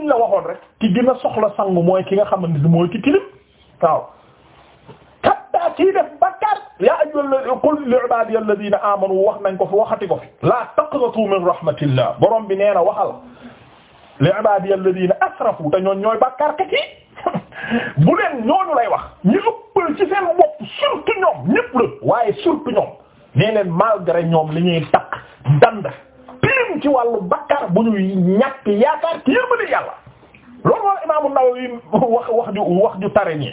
liñ la waxoon rek ki gën a soxla sangu mooy ki nga xamante ni mooy ki tilim waaw kattaa kii def bakkaar yaa nañ ko ko fi la taqnatu min rahmatillah borom bi nee na waxal li ibadiy alladina asrafu te ñoon ñooy bakkaarkat yi bu leen ñooñu lay wax ñu ëppal ci seen bopp surtout ñoom ñépp waaye surtout ñoom nee leen ñoom li ñuy takk dand tilim ci wàllu bakkar bu ñuy ñàkk yaakaar ci yërmande yàlla loolu moo Imaamu Nawawi wax wax ju wax ju tare ñi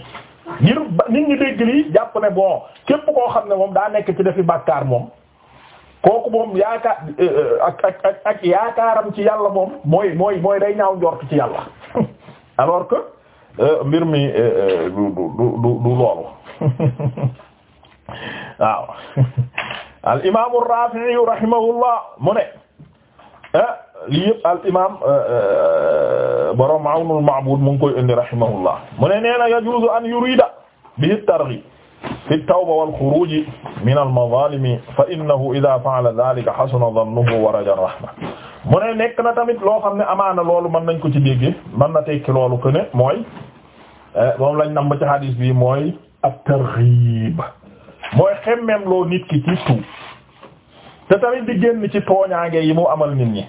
ngir nit ñi dégg ne bon képp koo xam ne moom daa nekk ci defi bàkkaar moom kooku moom yaakaar euh, euh, ak ak ak ak yaakaaram ci yàlla moom mooy mooy mooy day ñaaw njort ci yàlla alors que euh, mbir mi du du du du loolu waaw al imaamu Raafi'i rahimahullah mu ne Ah, li yëpp al imaam ah, ah, borom Awnul Ma'bud mu ngi koy indi rahimahullah mu ne nee na yajuuzu an yurida bihi targhib fi tawba wal xuruj min al mazalimi fa innahu idha fa'ala dhalika hasuna dhannuhu wa raja rahma mu ne nekk na tamit loo xam ne amaana loolu mën nañ ko ci déggee mën na tekki loolu que ne mooy eh, moom lañ nam ba ci hadis bi mooy at-targhib mooy xemmeem loo nit ki ci tout te tamit di génn ci tooñaange yi mu amal nit ñi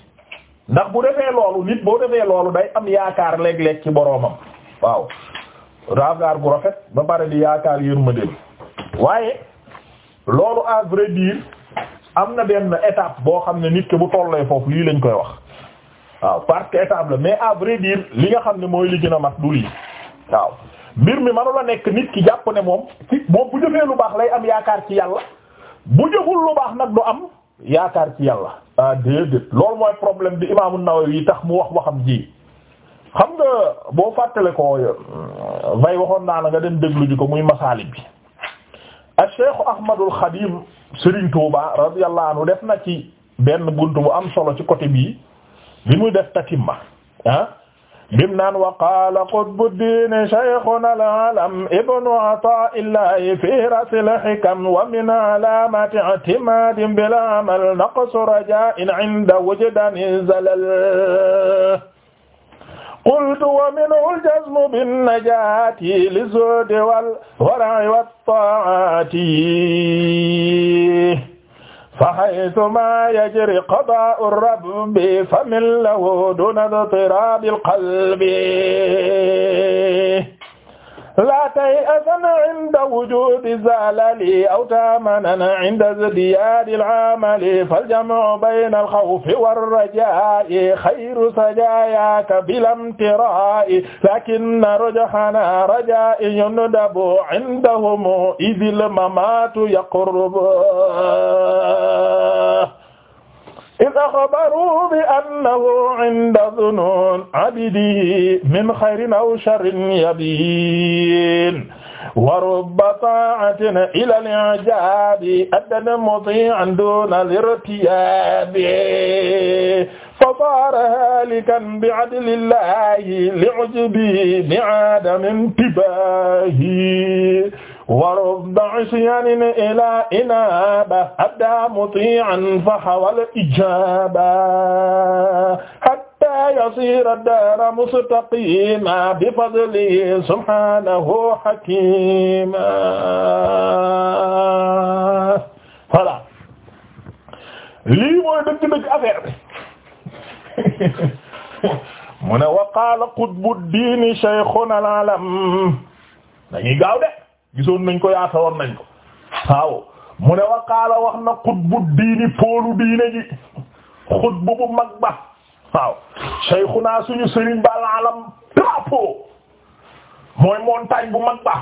ndax bu defee loolu nit boo defee loolu day am yaakaar léeg-léeg ci boroomam waaw raagaar gu rafet ba pare di yaakaar ma yërmande waaye loolu à vrai am na benn étape boo xam ne nit ki bu tollee foofu lii lañ koy wax waaw parce que étape la mais à vrai dire li nga xam ne mooy li gën a mat du lii waaw mbir mi manu la nekk nit ki jàpp ne moom ci moom jëfee lu baax lay am yaakaar ci yàlla bu jëful lu baax nag du am yaakaar ci yàlla ah déedéet loolu mooy problème bi imaamu an yi tax mu wax waxam ji xam nga boo fàttale ko vay euh, waxoon naa la nga dem déglu ji ko muy masaali bi ak Cheikh Ahmadul Xadim Serigne Touba radiyallahu anhu def na ci benn bunt bu am solo ci côté bii bi muy def tatimma ah bim naan wa qaala qutbuddin shaykhuna al-alam ibnu ataa'illahi fii rasil hikam wa min alaamati i'timaadin bil amal naqsu rajaa'in 'inda wujdaani zalal qultu wa minhu al-jazmu bin-najaati liz-zuhdi wal-wara'i wat-taa'ati فحيثما يجري قضاء الرب فمن له دون اضطراب القلب laa tay'asan inda wujuudi zalali aw taamanan inda zdiyaadi al-amali fal-jam'u bayna al-khawfi war-rajaa'i khayru sajaayaaka bil-imtiraa'i laakinna rujhanaa rajaa'i yundabu indahum idh al-mamaatu yaqrubu إذ أخبروا بأنه عند ظنون عبده من خير أو شر يبين ورب طاعة إلى الإعجاب أدنى مطيعا دون الارتياب فصار هالكا بعدل الله لعجبه بعدم انتباهه ورب عصيان إلى إنابة أبدى مطيعا فحوى الإجابة حتى يصير الدار مستقيما بفضله سبحانه حكيما voilà lii mooy dëgg-dëgg affaire bi mu ne وقال قطب الدين شيخنا العالم dañuy gaaw de gisoon nañ ko yaatawoon nañ ko waaw mu ne waqaala wax na xutbu diini poolu diine ji xutbu bu mag ba waaw Shaykhuna suñu sëriñ ba alam drapeau mooy montagne bu mag ba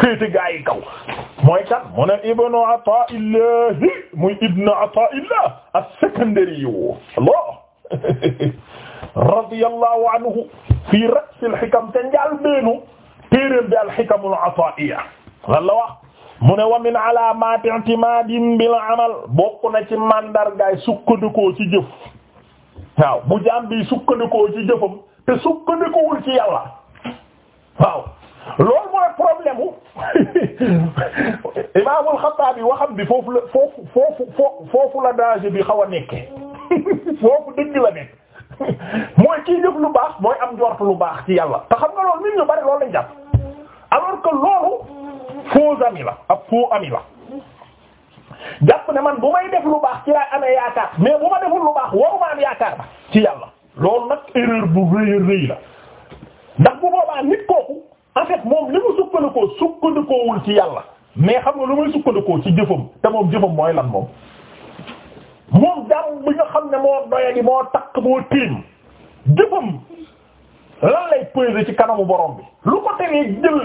féete gaa mooy kan mu ne ibnu Ata'illah muy ibnu Ata'illah as-Sakandari yo Allah radiyallahu anhu fii ra's al-hikam te njaal téeréel bi alxikamul ataiya lan la wax mu ne wa min alaamati i'timadin bil amal bokk na ci mandargaay sukkandikoo ci jëf waaw bu jaam bi sukkandikoo ci jëfam te sukkandikuwul ci yàlla waaw loolu mooy problème u imaamul Xattaabi waxam bi foofu la foofu bi xaw nekke foofu dëgg la nekk mooy kii jëf lu baax mooy am njort lu baax ci yàlla te xam nga loolu nit ñu bari loolu lañ jàpp ka que loolu faux ami la ab faux la jàpp ne man bu may def lu baax ci laay amee yaakaar mais bu ma deful lu baax waruma am yaakaar ba ci yàlla loolu nag erreur bu rëy rëy la ndax bu boobaa nit kooku en fait moom li mu sukkandikoo sukkandikoowul ci yàlla mais xam nga lu muy sukkandikoo ci jëfam te moom jëfam mooy lan moom moom jàmm bi nga xam ne moo doyadi moo takk moo tilim jëfam lan lay peser ci kanamu borom bi lu ko teree jël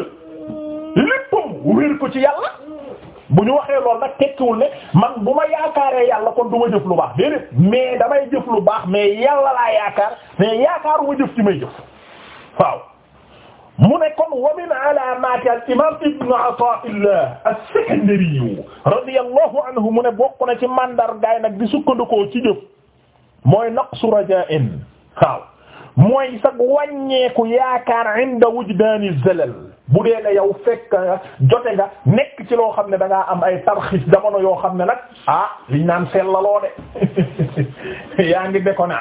léppam wér ko ci yàlla bu ñu waxee loolu nag tekkiwul ne man bu ma yaakaaree yàlla kon du ma jëf lu baax déedéet mais damay jëf lu baax mais yàlla laa yaakaar mais yaakaar ma ci may jëf waaw mu ne kon wa min alaamaati al imaam ibnu Ataa'illah as-Sikandari radiyallahu anhu mu ne bokk na ci mandargaay nag di sukkandikoo ci jëf mooy naqsu rajaa'in waaw mooy sag wàññeeku yaakaar inda i zalal bu dee ne yow fekk nga jote nga nekk ci loo xam ne da am ay tarxiis jamono yoo xam ne nag ah liñ naan sellaloo de yaa ngi déconné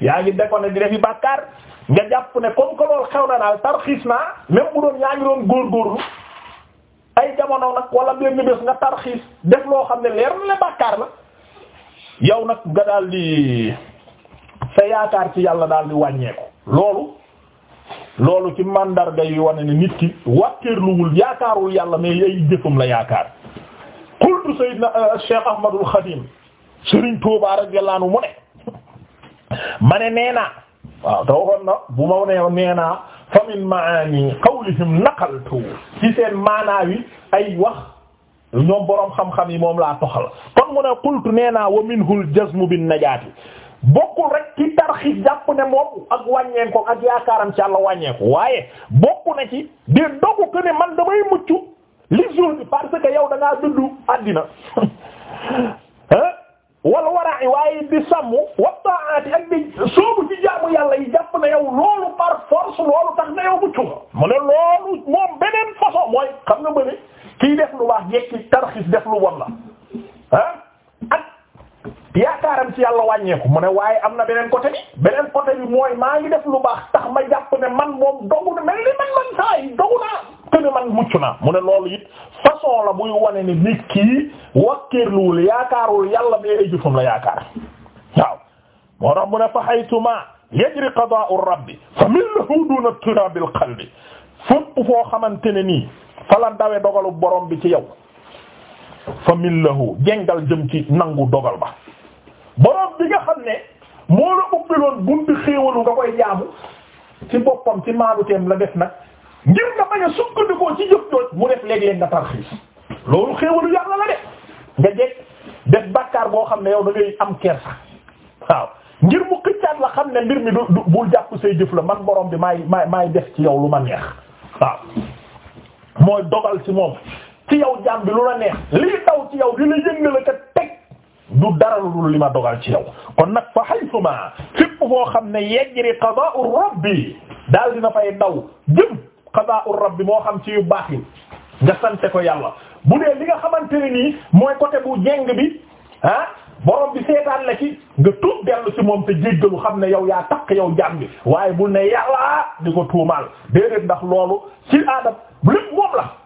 yaa ngi déconné di defi bàkkaar nga jàpp ne comme que loolu xew na daal tarxiis naa même bu doon yaa ngi doon góorgóorlu ay jamono nag walla benn bés nga tarxiis def loo xam ne leer na la bàkkaar la yow nag nga daal sa yaakaar ci yàlla daal di wàññeeku loolu loolu ci mandarga yi wane ne nit ki wàkkeerluwul yaakaarul yàlla mais ay jëfam la yaakaar qultu sayyidna euh, Cheikh Ahmadul Khadim Serigne Touba radiyallahu mu ne ma ne nee naa waaw te waxoon na bu ma nee nee naa fa min maani qawlihim ci seen maanaa ay wax ñoom boroom xam-xam yi moom laa toxal kon mu ne qultu nee naa wa minhul jazmu bin najaati bokkul rek ci tarxi jàpp ne moom ak wàññeen ko ak yaakaaram ci Yàlla wàññeeku waaye bokk na ci di dogu ko ne man damay mucc li jour bi parce que yow da ngaa àddina hein wal waraay waaye di sàmm wa taati ak di soobu ci jaamu yàlla yi jàpp na yow loolu par force loolu tax na yow bu cunga ne loolu moom beneen façon mooy xam nga bëne kiy def lu baax jekki tarxis def lu bon la ah ak yaakaaram ci yàlla wàññeeku mu ne waaye am na beneen côté bi beneen côté bi mooy maa ngi def lu baax tax ma jàpp ne man moom dogu na mel ni man man saa yi dogu naa këne man mucc naa mu ne loolu it façon la buy ni nit kii wakkeerluwul yaakaarul yàlla mais ay jëfam la yaakaar waaw moo tax mu ne fa yajri qadaa'u rabbi fa min lahu duna turaabil qalbi fépp foo xamante ne nii fa la dawe dogalu borom bi ci yow fa min lahu jengal jëm ci nangu dogal ba borom bi nga xam ne moo la ubbiloon buntu xéewalu nga koy jaamu ci boppam ci maanu teem la def nag ngir nga bañ a sukkandikoo ci jëf doot mu def léeg-léeg nga tarxiis loolu xéewalu yàlla la de nga jeg def bàkkaar boo xam ne yow da am kersa waaw ngir mu xëccaat la xam ne mbir mi du bul jàpp say jëf la man borom bi maay maay def ci yow lu ma neex waaw mooy dogal ci moom ci yow jaam bi lu la neex lii daw ci yow li la yëngal la ka teg du dara lu li ma dogal ci yow kon nag fa haytuma fépp foo xam ne yajri qada'u rabbi daal dina fay ndaw jëm qadaa'u bi moo xam ci yu baax yi nga sante ko yàlla bu dee li nga xamante ne nii mooy côté bu jeng bi ah borom bi seetaan la ci nga tuub dellu ci moom te jéggalu xam ne yow yaa takk yow jaam bi waaye bu ne yàlla di ko tuumaal déedéet ndax loolu ci aadab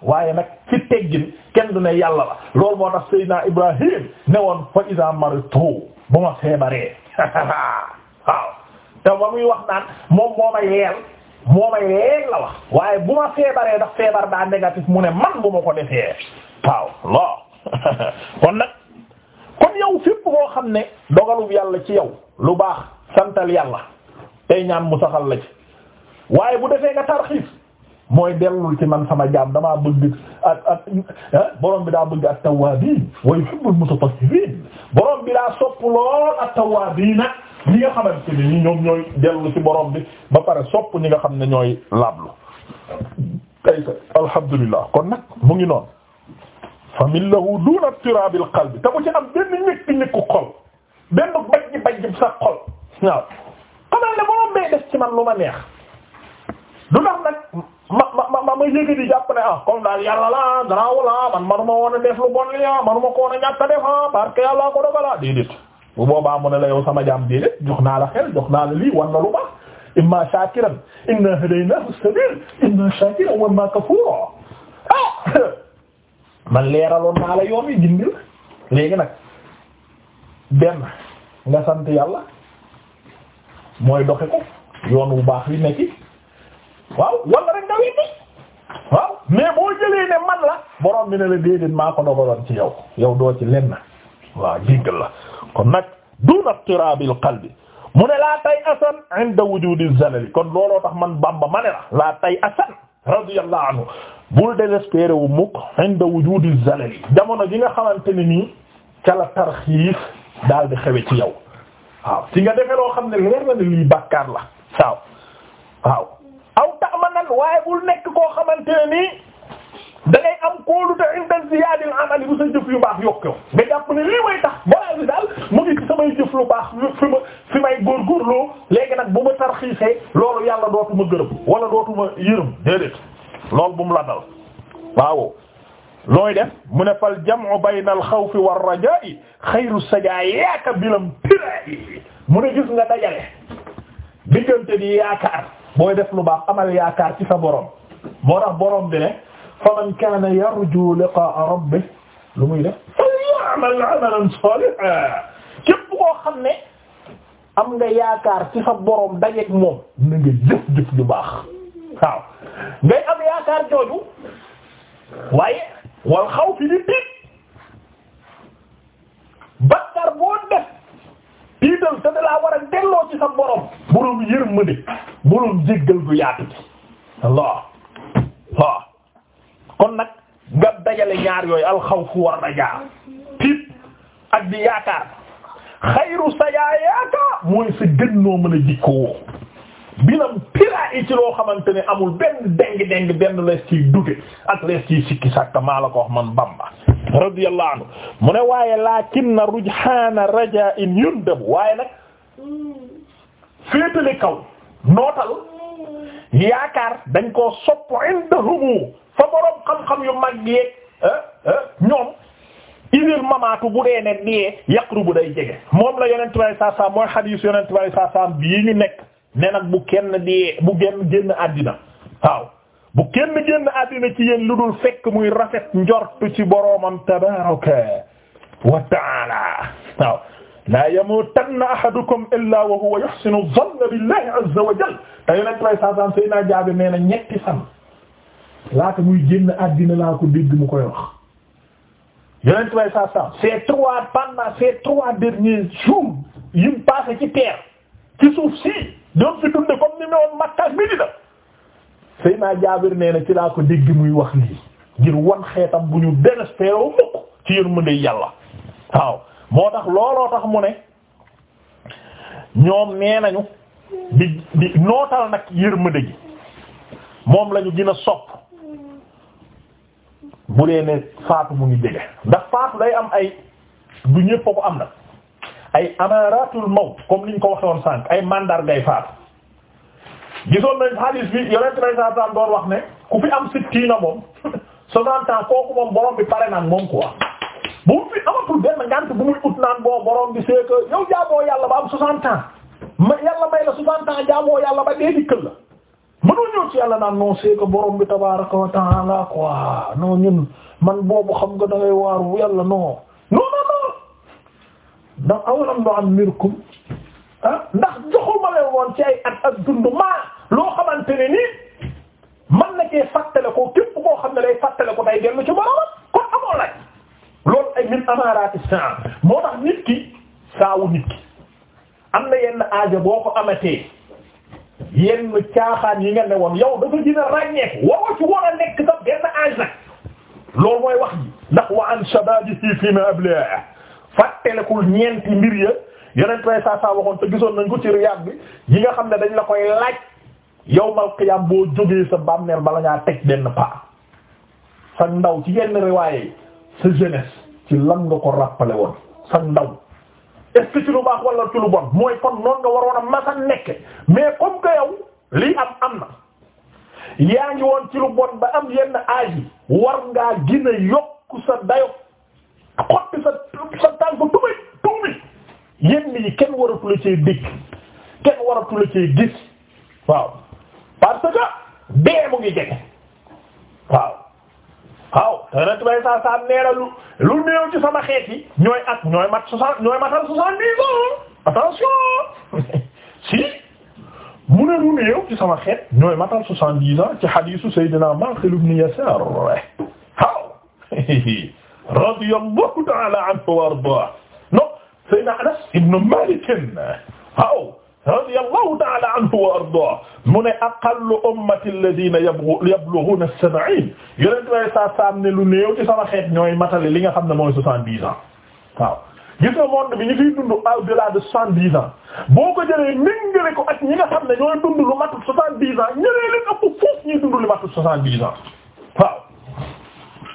waaye nag ci teggin kenn du ne yàlla la loolu moo tax Seydina Ibrahim ne woon fa iza maritu bu ma feebaree waaw te ba muy wax naan moom moo ma yeel moo may reeg la waaye bu ma feebaree ndax feebar daa négatif mu ne man bu ma ko defee waaw lo kon nag kon yow fépp koo xam ne dogalub yàlla ci yow lu baax santal yàlla tey ñaan mu saxal la ci waaye bu defee nga tarxiis mooy dellul ci man sama jaam damaa bëgg ak ak ah, borom bi daa bëgg at-tawwaabiin wa yuhibbul mutatahhiriin borom bi daa sopp lool at-tawwaabiin li nga xamante ni ñoom ñooy dellu ci borom bi ba pare sopp ñi nga xam ne ñooy lablu kay alhamdulillah kon nag mu ngi noonu fa min lahu duna tirabil qalbi te bu ci am benn ñëkk ñëkku xol benn bajj bajj sa xol waaw xamal ne borom bee def ci man lu ma neex du ndax nag ma ma ma ma yéegi di jàpp ne ah comme daal yàlla la garaaw la ah, man manuma woon a def lu bon li ah manuma ko woon a ñàkk a def ah parce que yàlla ko dogal ah, bu boobaa mu ne la yow sama jaam déedéet jox naa la xel jox naa la lii war na lu baax imma shakiran inna hadaynahu sabil imma shakiran wa imma ah man leeraloon naa la yoon wi gindil léegi nag benn nga yàlla mooy doxe ko yoon wu baax wi nekki waaw wala rek nga wéddi waaw mais boo jëlee ne man la borom bi ne la déedéet maa ko dogaloon ci yow yow doo ci lenn waaw jéggal la kon nag duna tirabil qalbi mu ne laa tay asan inda wujudi zalali kon looloo tax man bamba ma ne la laa tay asan radiyallahu anhu bul désespéré wu mukk inda wujudi zalali jamono ji nga xamante ne nii ca la tarxiif daal di xewe ci yow waaw ci loo xam ne leer na la waaw waaw aw tax ma nan waaye bul nekk koo xamante ne nii da ngay am kóolute inda ziyaadil amali bu sa jëf yu baax yokku nga jàpp ne lii may tax balaa bi daal mu ngi ci samay jëf lu baax fi ma fi may góorgóorloo léegi nag bu ma tarxiisee loolu yàlla dootuma gërëm wala dootuma yërëm déedéet loolu bu mu la dal waaw looy def mu ne fal jam'u bayna al xawfi war rajaa'i xayru sajaayaaka bilam tiraa'i mu ne gis nga dajale diggante di yaakaar booy def lu baax amal yaakaar ci sa borom moo tax borom bi ne faman kaana yarju liqaa'a rabbih lu muy def falya'mal 'amalan saalihan képp koo xam ne am nga yaakaar ci sa boroom dajeek moom na nga jëf jëf ju baax waaw ngay am yaakaar jooju waaye wal xaw fi bakkar boo def tiital te da laa war a delloo ci sa boroom boroom yërmande boroom Allah Allah kon nag nga dajale ñaar yooyu alxawfu war na jaar ak di yaakaar xayru yaakaar mooy sa gën noo mën a jikkoo binam pira i loo xamante amul benn deng-deng benn lees ciy dute ak lees ciy sikki sàkk maa la ko wax man Bamba radiyallahu anhu mu ne waaye lakinna rujhana raja'in yundab waaye nag féetale kaw nootal yaakaar dañ ko sopp indahumu fa borom xam-xam yu mag yeeg eh, eh, ñoom idil mamaatu bu dee ne dee yàqru bu day jege moom la yonent bi saa saa mooy xadiis yonent bi saa saa bii ñu nekk ne nag bu kenn dee bu génn génn àddina waaw bu kenn génn àddina ci yéen lu dul fekk muy rafet njortu ci boroomam tabaaraka wa taala waaw laa yamuutanna ahadukum illaa wa huwa yuhsinu zanna billahi azza wa jalla te a bi saa saa Seydina Jaabir nee na ñetti fan laata muy génn àddina laa ko dégg mu koy wax yeneen way sa sam ces trois pendant ces trois derniers jours yi mu passé ci terre ci suuf si doon fi dunde comme ni mewoon Makka Medina Seydina Jaabir nee na ci laa ko dégg muy wax lii ngir wan xeetam bu ñu désespéré wu mukk ci yërmande yàlla waaw moo tax looloo tax mu ne ñoom nee nañu di di nootal nag yërmande moom lañu gën a sopp bu dee ne faatu mu ngi jege ndax faatu day am ay du ñëpp ko am nag ay amaratul mawt comme niñ ko waxe woon sànq ay mandargay faatu gisoon nañ hadis bi yonent nay doon wax ne ku fi am sittiina moom soixante ans kooku moom borom bi pare naan moom quoi bu mu fi amatul benn ngant bu muy ut naan boo borom bi c'est que jaamoo yàlla ba am soixante ans ma yàlla la soixante ans jaamoo yàlla ba dee dikkal la mënoo ñëw ci yàlla naan non c'est que borom bi tabaaraka wa ta'ala quoi ñun man boobu xam nga da ngay waaru yàlla non non non non ndax awalam do am mirkum ah, ndax joxuma leen woon ci ay at ak dund maa loo xamante ne nii man na cee fàttale ko képp koo xam ne day fàttale ko day dellu ci boromam kon amoon ay min amaraati saa moo tax nit saawu nit am na yenn aajo boo ko amatee. yenn caaxaan yi nga ne woon yow dafa gën a ràññeeku waroo ci war a nekk sa benn âge loolu mooy wax ndax wa an shababihi fiima ablah fàttelekul ñeenti mbir ya yeneen tray saa waxoon te gisoon nañ ko ci riyaad bi yi nga xam ne dañ la koy laaj yawmal qiyaam boo jógee sa bàmmeel bala ngaa teg benn paa sa ndaw ci yenn riwaaye sa jeunesse ci lan nga ko rappelé woon sa ndaw est-ce lu baax wala ci lu bon mooy kon noonu nga waroon a masa nekke mais comme que yow lii am am na yaa ngi woon ci lu bon ba am yenn âge yi war ngaa gën yokk sa dayo xotti sa sa tànk dumay tuumi yenn yi kenn waratu la cee kenn waratu la gis waaw parce que bee mu ngi jege waaw waaw te nag bay saa saa neera lu lu néew ci sama xeet yi ñooy at ñooy mat soixante ñooy matal soixante mu ne lu ci sama xeet ñooy matal soixante-dix ans ci hadiisu Seydina Maqil ibn Yasaar waaw radiyallahu ta'ala anhu wa ardaah no Seydina Anas ibn Maalik waaw radiyallahu ta'ala anhu wa ardaa mu ne aqallu ummati alladhina yablughuna as-sab'in yonent way saa saam ne lu néew ci sama xeet ñooy matale li nga xam ne mooy soixante-dix ans waaw gis nga monde bi ñu fiy dund au-delà de soixante-dix ans boo ko jëlee méngale ko ak ñi nga xam ne ñooy dund lu matul soixante-dix ans ñëwee leen ëpp foof ñuy dund lu matul soixante-dix ans waaw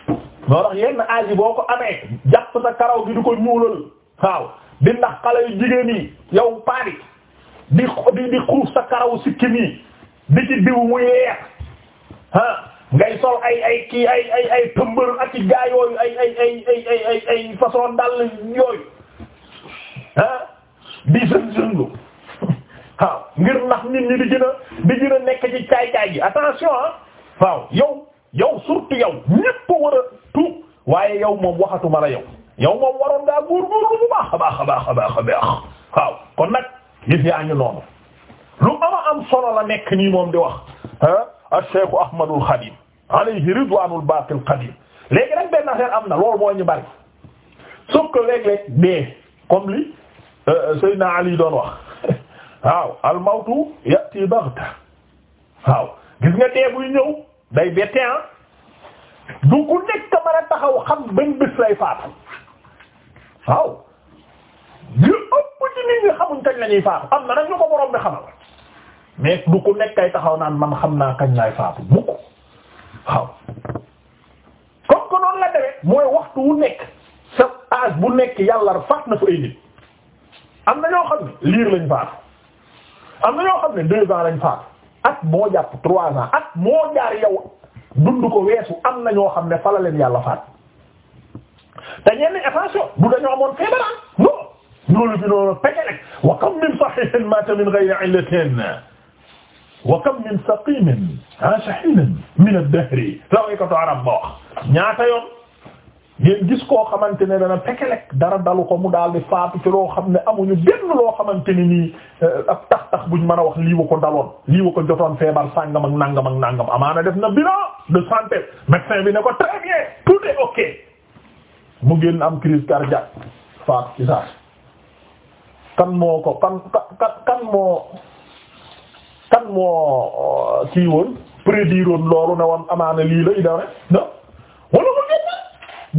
moo tax yenn âge yi boo ko amee jàpp sa gi di ko ñuulal waaw di ndax xale yu yow paari di di di xuuf sa karaw sikkim yi di ci diw muy leer ah ngay sol ay ay tëmbër ak i gaa yooyu ay ay ay ay façon dal yooyu ah di sën-sënlu waaw ngir ndax nit ñi di gën a di gën a nekk ci caay-caay gi attention ah waaw yow yow surtout yow ñépp war a waaye yow moom waxatuma la yow yow moom waroon ngaa góorgóorlu bu baax a baax a baax a baax a baax waaw kon nag gis yaa ngi noonu lu ama am solo la nekk nii moom di wax ah al cheikhu ahmadul xadim alayhi ridwanul baqil qadim léegi nag benn affaire am na loolu moo ñu bari sauf que léeg-léeg dee comme li euh, euh, Seydina Ali doon wax waaw al mawtu yati baghta waaw gis nga dee buy day bette ah du ku nekk mën a taxaw xam bañ bés lay faatu bu ci nit ñi xamuñ kañ la ñuy am na nag ñu ko borom bi xamal mais du ku nekk ay taxaw naan man xam naa kañ laay faatu mukk waaw comme que noonu la bu nekk yàlla faat na fa ay am na ñoo xam ne liir lañ faatu am na ñoo xam ne deux ans lañ faatu at moo jàpp trois ans at moo jaar yow dund ko weesu am na ñoo xam ne fa leen yàlla faat te ñenn attention du dañoo amoon feebaran ñoo ci doon fekke rek wa kam min sahihin mata min ghayri illatin wa kam min saqimin aasha hinan min ad-dahri la way ko to arab ba wax ñaata yoon ngeen gis koo xamante ne dana pekelek dara dalu ko mu daal di faatu ci loo xam ne amuñu benn xamante ni nii eh, ab tax tax buñ mën a wax lii ko daloon lii ko jotoon feebar sàngam ak nàngam ak nàngam amaana def na bilan de santé médecin bi ne ko très bien tout ok mu génn am crise cardiaque faatu kan moo ko kan kan kan moo kan moo euh, kii woon prédire woon loolu ne woon amaana lii la idaw rek non wala ko génna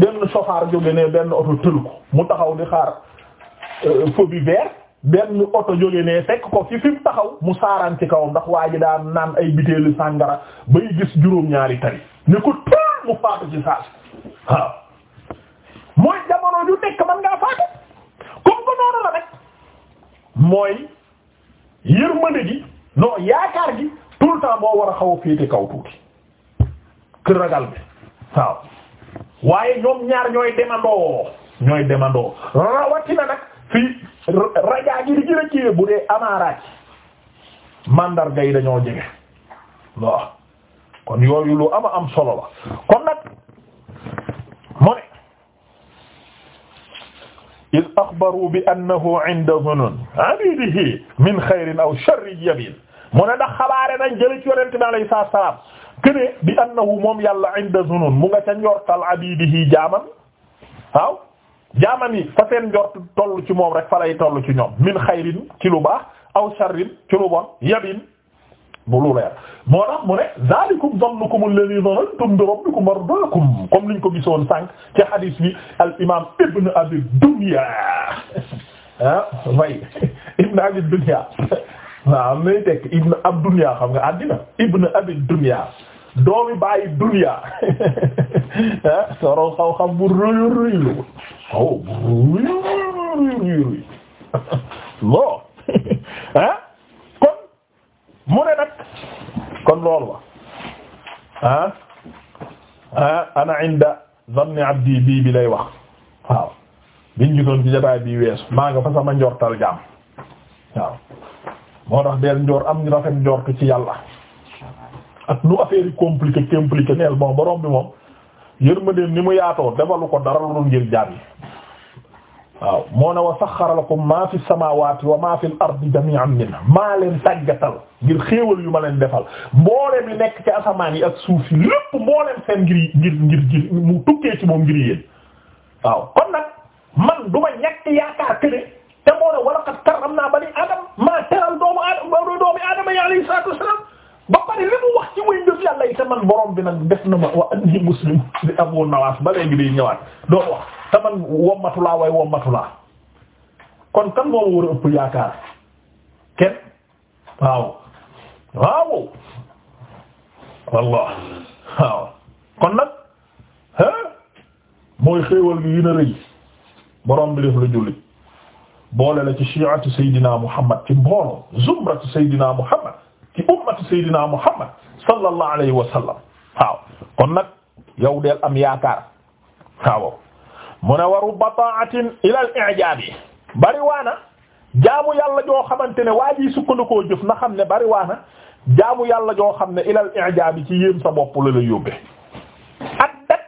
benn sofaar jóge ne benn oto tël mu taxaw di xaar euh, feu bi benn oto jóge ne fekk ko fi mu taxaw mu saaraan ci kaw ndax waa ji daan naan ay biteelu sàngara bay gis juróom-ñaari tari ne ko tël mu faatu ci saas waaw mooy jamono ju nekk man ngaa faatu comme ko noonu la rek mooy yërmande gi non yaakaar gi tout le temps moo war a xaw a féete kaw tuuti kër ragal bi waaw waaye ñoom ñaar ñooy demandoo ñooy demandoo rawatina nag fii rajaa gi di gën a bu dee amaaraat ci mandarga dañoo jege waaw kon yooyu lu ama am solo la kon nag a axbaru bi annahu inda zunun abidihi min xayrin aw sharrin yabiin mu ne ndax xabaare nañ jële ci yonent bi alayhi salaatu wa salaam kene bi moom yàlla inda zunun mu nga ca njortal abidihi jaamam waaw jaamam yi fa seen njort toll ci moom rek fa lay toll ci ñoom min xayrin ci lu baax aw sharrin ci lu bon du lu leer moo tax mu ne zalikum zannukum alladhi zanantum bi rabbikum ardaakum comme niñ ko gisoon sànq ci hadith bi al imam ibn abi dunya ah way ibn abi dunya waaw am ibn ab dunya xam nga àddina ibn abi dunya doomi bàyyi dunya ah soro xaw-xam bu rëyu rëylu waw mu ne nag kon loolu wa ah ah ana inda zanni abdi bii bi lay wax waaw biñ gisoon ci jotaay bii weesu maa nga fa sama njortal jaam waaw moo tax deel njor am ñu rafet ci yàlla ak nu affaire yi compliqué neel bon borom bi moom yërmandeem ni mu yaatoo defalu ko dara lu ngir jaam yi waaw moo ne wa saxxara lakum maa fi samaawaati wa maa fi al-ardi jamii'an minhu maa leen tàggatal ngir xéewal yu ma leen defal mboolem yi nekk ci asamaan yi ak suuf yi lépp mboolem seen ngir ngir ngir ngir mu tukkee ci moom ngir yéen waaw kon nag man du ma ñàkk yaakaar que ne te moo ne wa laqad karramnaa banii aadama maa teral doomu aadama doomu aadama yi alayhi salaatu wa salaam ba pare li mu wax ci way def yàlla yi te man borom bi nag def na ma wa anni muslim di Abu Nawaas ba léegi day ñëwaat doo wax. te man wommatulaa way wommatulaa kon kan moo ma kenn waaw waaw wallah waaw kon nag mooy xéewal gi gën a rëy borom bi la jullit boole la ci shi'atu saydina muhammad ci mbooloo zumratu saydina muhammad ci ummatu saydina muhammad sallallahu alayhi wa sallam waaw kon nag yow deel am mu ne waru bataatin ila al bari waana jaamu yàlla joo xamante ne waa jii sukkandikoo jëf na xam ne bariwaana jaamu yàlla joo xam ne ila al i'jaabi ci yéem sa bopp la la yóbbe addat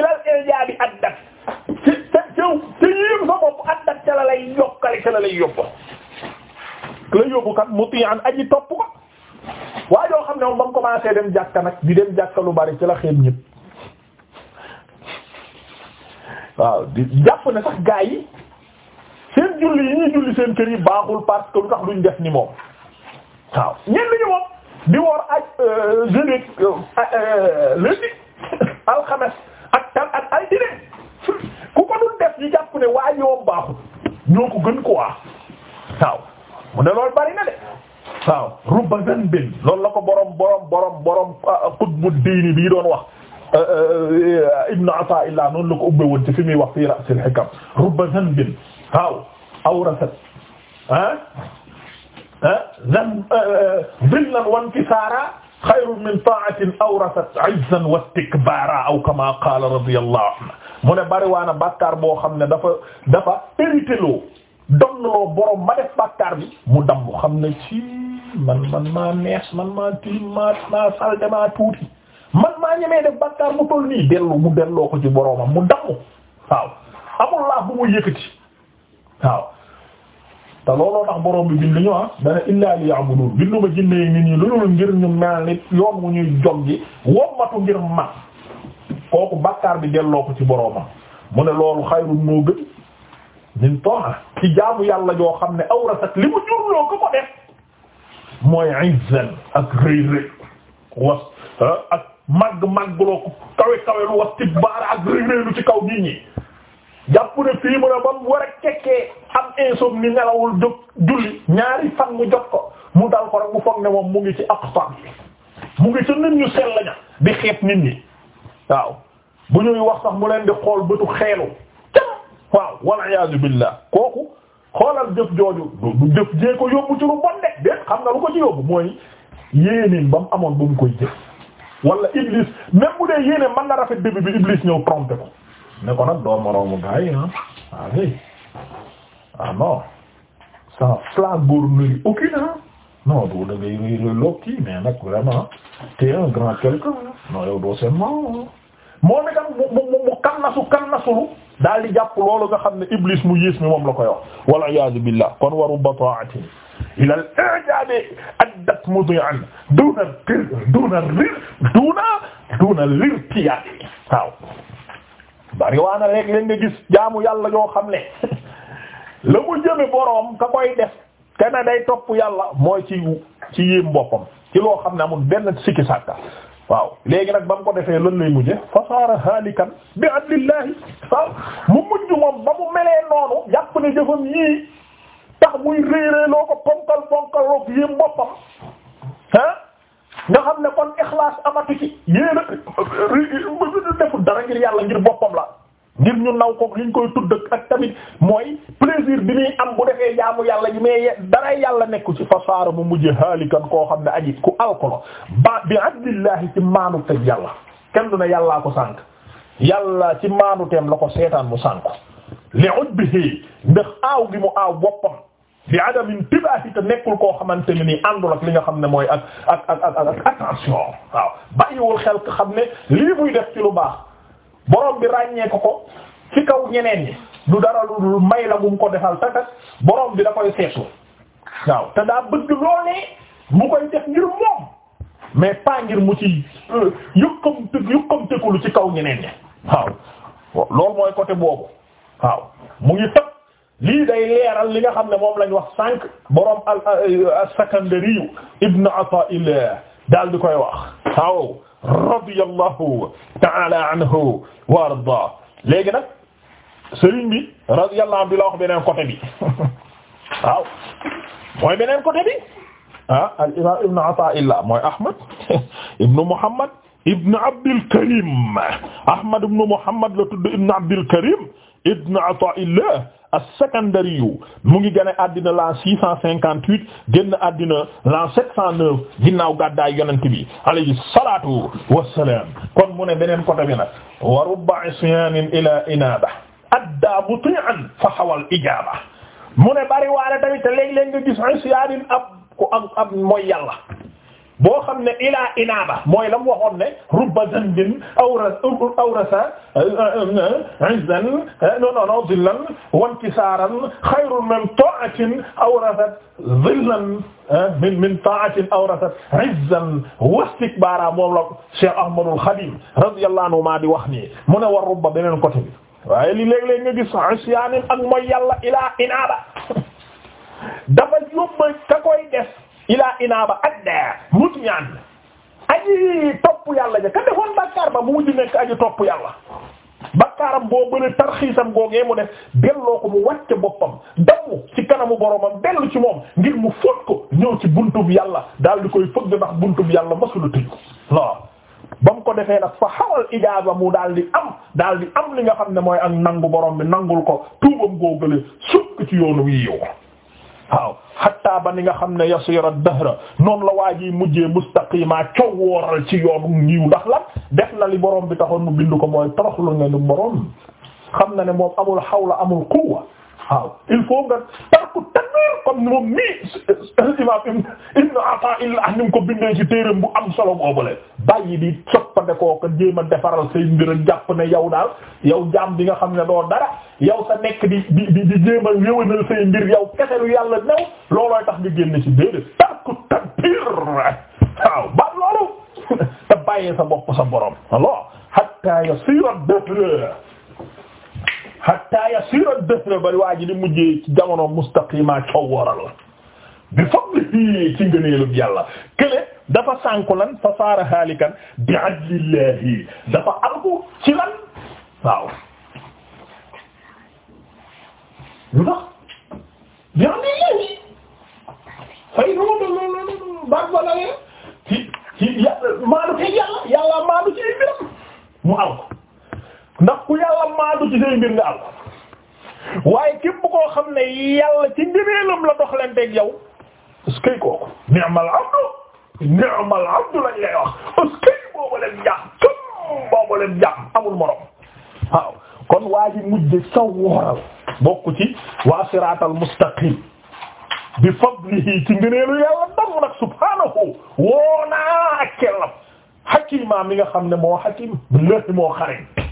ila al i'jaabi addat ci ca caw ci yéem sa bopp addat ca lay yokkale lay yóbbu la yóbbu kat muti'an aji topp ko waa joo xam ne moom ba mu commencé dem jàkka nag di dem jàkka lu bari ci la xeeb waaw di jàpp ne sax gaa yi seen julli yi ñuy julli seen kër yi baaxul parce que lu tax duñ def ni moom waaw ñenn ñi moom di woor ak euh, jeudi euh, lundi alxames ak tal ak ay dine ku ko dul def ñu jàpp ne waa yoom baaxul ñoo ko gën quoi waaw mu ne loolu bari na de waaw ruba zanbin loolu la ko borom borom borom borom euh, qutbu diini bii doon wax Euh, euh, Ibn Ata'illah noonu la ko ubbee woon ci fi muy wax fii ra'sil hikam rubba zanbin waaw awrasat ah ah zan dhillan euh, wa inkisaara xayrun min ta'atin awrasat 'izzan wa istikbaara aw kama qaala radiyallahu anhu mu ne bariwaana bàkkaar boo xam ne dafa dafa hériteloo donloo borom ma def bàkkaar bi mu damm xam ne ci man man maa nees man maa tilim maa maa salte maa tuuti man maa ñemee def bàkkaar mu toll nii dellu mu delloo ko ci boroomam mu damm waaw amul laa bu mu yëkkati waaw te looloo tax borom bi bindu ñu ah dana illaa liya'budun bindu ma jinne yi nit ñi lu ngir ñu mel nit yoon wu ñuy joggi wommatu ngir man kooku bàkkaar bi delloo ko ci boroomam mu ne loolu xayrun moo gën min toa ci yàlla joo xam ne awrasak li mu jurloo ko ko def mooy izzan ak rëy rëy was ah, ak màgg màgg loo ko kawe kawe lu wax ci baara ak réeréeru ci kaw nit ñi jàpp ne fii mu ne ba mu war a kekkee am insomnie ni nelawul jóg julli ñaari fan mu jot ko mu dal ko rek mu foog ne moom mu ngi ci aqtan mu ngi ci nit ñu sell ña bi xeet nit ñi waaw bu ñuy wax sax mu leen di xool bëtu xeelu cam waaw wal iyaazu billah kooku xoolal jëf jooju du jëf jee ko yóbbu ci lu bon de xam nga lu ko ci yóbbu mooy yéeneen ba mu amoon ba mu koy jëf wala Iblis même bu dee yéene mën na rafet début bi Iblis ñëw trompé ko ne ko nag doo moroomu gars yi ah allez ah non sans flagornerie aucune ah non doo da ngay rëy rëy loo kii mais nag vraiment t'es un grand quelqu'un non yow doo seen moom moom itam mu mu mu kan nasu kan nasulu daal di jàpp loolu nga xam ne Iblis mu yées mi moom la koy wax wal iyaazu billah kon waru ba ila al i'jaabi addat mudi'an duna tir duna rir duna duna lirtiyaat waaw bari waana léeg leen nga gis jaamu yàlla yoo xam ne la mu jëme boroom ka koy def kana day topp yàlla mooy ci ci yéem boppam ci loo xam ne amul benn sikki sàkka waaw léegi nag ba mu ko defee lan lay mujje fasaara haalikan bi abdillahi mu mujj moom ba mu melee noonu jàpp ne jëfam yii tax muy réeree loo ko ponkal ponkal roog yéem boppam ah nga xam ne kon ixlaas amatu ci yéen a defu dara ngir yàlla ngir boppam la ngir ñu naw ko liñ koy tudd ak tamit mooy plaisir bi muy am bu defee jaamu yàlla ji mais dara yàlla nekku ci fasaara mu mujj haalikan koo xam ne aji ku alkolo ba bi abdillahi ci maanu teg yàlla kenn du ne yàllaa ko sànk yàlla ci maanu teem la ko seetaan mu ko li udbihi ndax aaw gi mu aaw boppam bi adam intibaahi te nekkul koo xamante ne nii àndul ak li nga xam ne mooy ak ak ak ak attention waaw bàyyiwul xel xam ne lii muy def ci lu baax boroom bi ràññee ko ko ci kaw ñeneen yi lu dara lu may la gum ko defal takat borom bi da koy seetu waaw te daa bëgg loolee mu koy def ngir moom mais pas ngir mu ci yëkkam euh, yëkkam tëkkalu ci kaw ñeneen ñi waaw loolu mooy côté boobu. waaw mu ngi tëb lii day leeral li nga xam ne moom lañ wax sànq borom al as-Sakandari ibn Ata'illah daal di koy wax waaw radiyallahu ta'ala anhu wa arda léegi nag sëriñ bi radiyallahu anhu bi la wax beneen côté bi waaw mooy beneen côté bi ah al imam ibn Ata'illah mooy Ahmad ibn Muhammad ibn Abdul Karim Ahmad ibn Muhammad la tudd ibn Abdul Karim ibn Ata'illah as-Sakandari mu ngi gane àddina l'an six cent cinquante huit génn àddina l'an sept cent neuf ginnaaw gàddaay yonent bi alayhi salaatu wassalaam kon mu ne beneen côté bi nag wa rubba isyaanin ila inaaba adda muti'an fa hawal ijaaba mu ne bari waale tamit te léeg-léeg nga gis isyaanin ab ku am ab mooy yàlla boo xam ne ilaa inaaba mooy la mu waxoon ne rubba zanbin awra awrasa eh, eh, eh, izzan non non non zillan wankisaaran xayrun min ta'atin awrasat zillan min min ta'atin awrasat izzan wastikbaara moom la Cheikh Ahmadul Xadim radiyallahu anhu maa di wax nii mu ne war rubba beneen côté bi waaye li léeg-léeg nga gis isyaanin ak mooy yàlla ilaa inaaba dafa yóbbu ka koy def ilaa inaaba adda mutmi'an aji topp yàlla ja ka defoon bàkkaar ba mu mujj nekk aji topp yàlla bakkaaram boo bële tarxiisam googee mu def delloo ko mu wàcce boppam damm ci kanamu boromam dellu ci moom ngir mu fóot ko ñëw ci buntub yàlla daal di koy fëgg ndax buntub yàlla masula tëju waaw ba mu ko defee nag fa xawal ijaaba mu daal di am daal di am li nga xam ne mooy ak nangu borom bi nangul ko tuubam googale sukk ci yoonu wi yow waaw xatta ba ni nga xam ne yasira dahra noonu la waa ji mujjee mustaqima coow wooral ci yoonu ngiw ndax lan def na li borom bi taxoon mu bind ko mooy toroxlu nga ni borom xam na ne moom amul xawla amul quwwa waaw il faut nga tarku tanwir comme ni moom mii imam ibn Ata'illah ni ko bindee ci téeram bu am solo boobule bàyyi di soppande koo ko jéem a defaral say mbir a jàpp ne yow daal yow jaam bi nga xam ne doo dara yow sa nekk di di di di jéem a yëwanal say ngir yow kese lu yàlla new loolooy tax nga génn ci déedéet tarku tanwir waaw ba loolu te bàyyee sa bopp sa borom alors hatta yasira hatta yasira ad-dahr bari waa ji di mujjee ci jamono mustaqima coowaral bi fadlihi ci ngëneelu yàlla kële dafa sànku lan fa saara haalikan bi adlillahi dafa alku ci lan waaw lu tax bi adlillahi fay duma ba loolu baat ba la leen ci ci yàlla maanu ci yàlla yàlla maanu ci biram mu alku ndax ku yàlla maandu ci say mbir nga am waaye képp koo xam ne yàlla ci ngëneelam la doxalanteeg yow eskay kooku ni'mal abdu ni'mal abdu lañ lay wax eskay boobu leen jàmm tëm boobu leen jàmm amul morom waaw waa ji mujj saw wooral bokk bi fadlihi ci ngëneelu yàlla dam nag subhaanahu woonaa ak kellam hakiima mi nga xam ne moo hakiim billahi moo xarit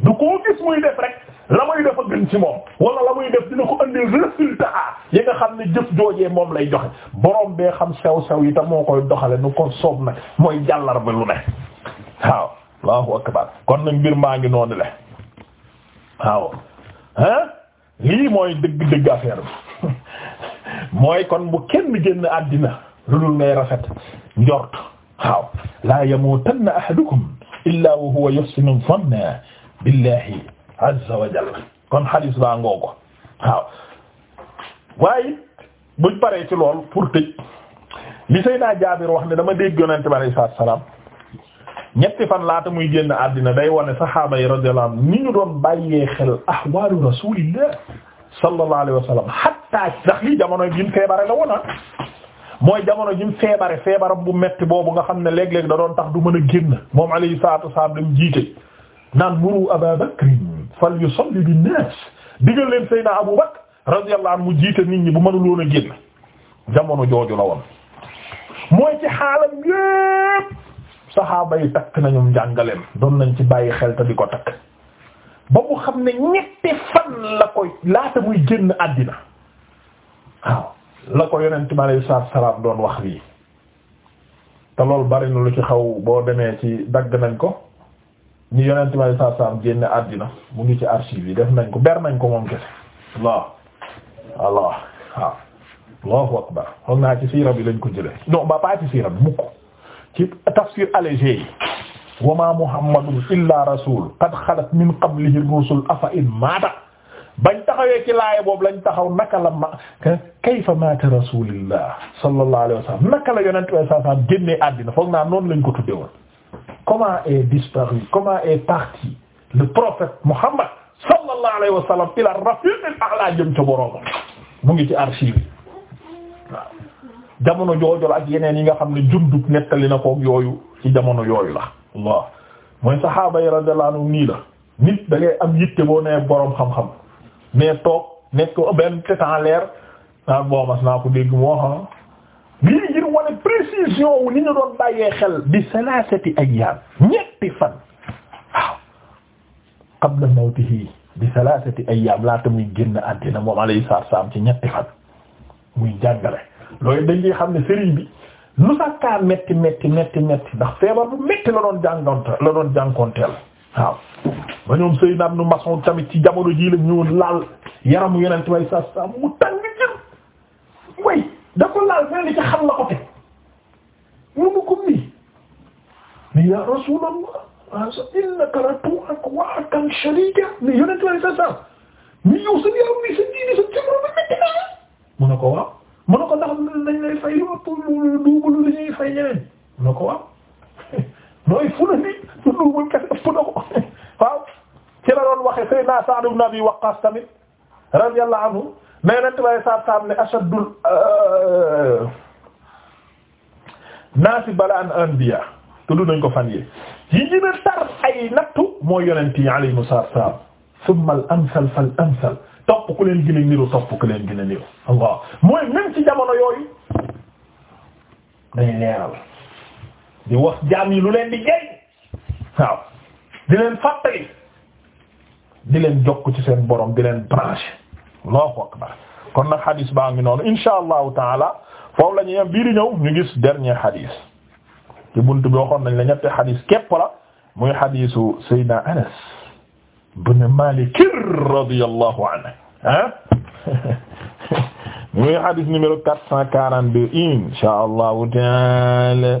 du koo gis muy def rek la muy def a gën ci moom wala la muy def dina ko andil résultat yi nga xam ne jëf joojee moom lay joxe borom bee xam sew sew yi te moo koy doxale nu ko soob nag mooy jàllar ba lu ne waaw allahu akbar kon nag mbir maa ngi noonu le waaw hein lii mooy dëgg-dëgg affaire bi mooy kon bu kenn génn àddina lu dul ngay rafet njort waaw laa yamutanna ahadukum illaa wa huwa yuhsinu zanna billahi azza wa jalla kon xadis baa ngoo ko waaye buñ paree ci lool pour tëj li Seydina Jaabir wax ne dama dégg yonente bi alayhi salaatu salaam ñetti fan laata muy génn àddina day wane saxaaba yi radiyallahu anhum ni ñu doon bàyyee xel ahwaalu rasulillah sallallahu alayhi wa sallam hatta sax bi ñu feebare la mooy jamono ji mu feebare feebaram bu metti boobu nga xam ne léeg-léeg da doon tax du mën a génn moom alayhi salaatu wassalaam dañ jiite naan muru Abaa Bakr fal yusalli bin naas digal leen Seydina Abu Bakr radiyallahu anhu mu jiite nit ñi bu mënul woon a génn jamono jooju la woon mooy ci xaalam yépp saxaaba yi takk nañu njàngaleem doon nañ ci bàyyi xel te di ko takk ba mu xam ne ñetti fan la koy laata muy génn àddina waaw la ko yonent mi alayhi salaatu salaam doon wax lii te loolu bari na lu ci xaw boo demee ci dagg nañ ko ñi yonent mi alayhi salaam génne àddina mu ngi ci archive yi def nañ ko ber nañ ko moom kese Allah Allah waaw Allahu akbar xool naa ci siira bi lañ ko jëlee non ba pas ci siira bi mukk ci tafsir allégé yi wa ma muhammadun illa rasul qad xalat min qablihi rusul afa in maata bañ taxawee ci boobu lañ taxaw naka la ma kayfa maata rasulillah sallallahu alayhi wa sallam naka la yonent way saa saam génnee àddina foog naa noonu lañ ko tudde woon comment est disparu comment est parti le prophète Muhammad sallallahu alayhi wa sallam ila rafiq al a'la jëm ca boroomam mu ngi ci archive waaw jamono jooju la ak yeneen yi nga xam ne jundub nettali na koog yooyu ci jamono yooyu la Allah mooy sahaaba yi radiyallahu anhum nii la nit da ngay am yitte boo nee boroom xam-xam mais toog nekk benn te en l'air naan boo mas naa ko dégg moo xam ah. lii ngir wane précision wu ni ñu doon bàyyee xel bi salasati ayyam ñetti fan waaw qabla mawtihi bi salasati ayyam laata muy génn àddina moom alayhi salaatu salaam ci ñetti fan muy jàngale dañ dañuy xam ne sëriñ bi lu sakkaa metti metti metti ndax feebar bu metti la doon jàngonte la doon jànkonteel waaw ba ñoom Seydina Ibn Mas'ud tamit ci jamono jii la ñëwoon laal yaramu yonent way sa sa mu tàng jër way da ko laal mel ni ci xam la ko teg munu ko mii ni ya Rasuulallah asa innaka la tu'ak wa'kan shadida ni yonent way sa sa mi yow sa mi sa diini sa cimro ba métti na mu ne ko waaw mu ne ko ndax dañ lay fay lu ëpp lu duubal li ñuy fay ñeneen mu ne ko waaw nooy fu na ni lu duubal kese ëpp na ko waaw ci la doon waxe Seydina Sa'd ibn Abi tamit radiyallahu anhu ne yonent bi saa saam ne asaddul euh, naasi bala an anbiya tudd nañ ko fan yi yi gën a tar ay nattu mooy yonent yi alayhimu salaam summa al amsal fal amsal ku leen gën a niru ku leen gën a Allah mooy même ci jamono yooyu day di wax jaam yi lu leen di jey waaw di leen fàttali di leen jokk ci seen borom di leen branché kon nag xadis baa ngi noonu insha allahu taala foofu la ñuy yem bii ñëw ñu gis dernier xadis ci bunt bi waxoon nañ la ñetti xadis képp muy xadisu Seydina Anas ibn Malik radiyallahu anhu ah muy xadis numéro quatre cent quarante-deux insha allahu taala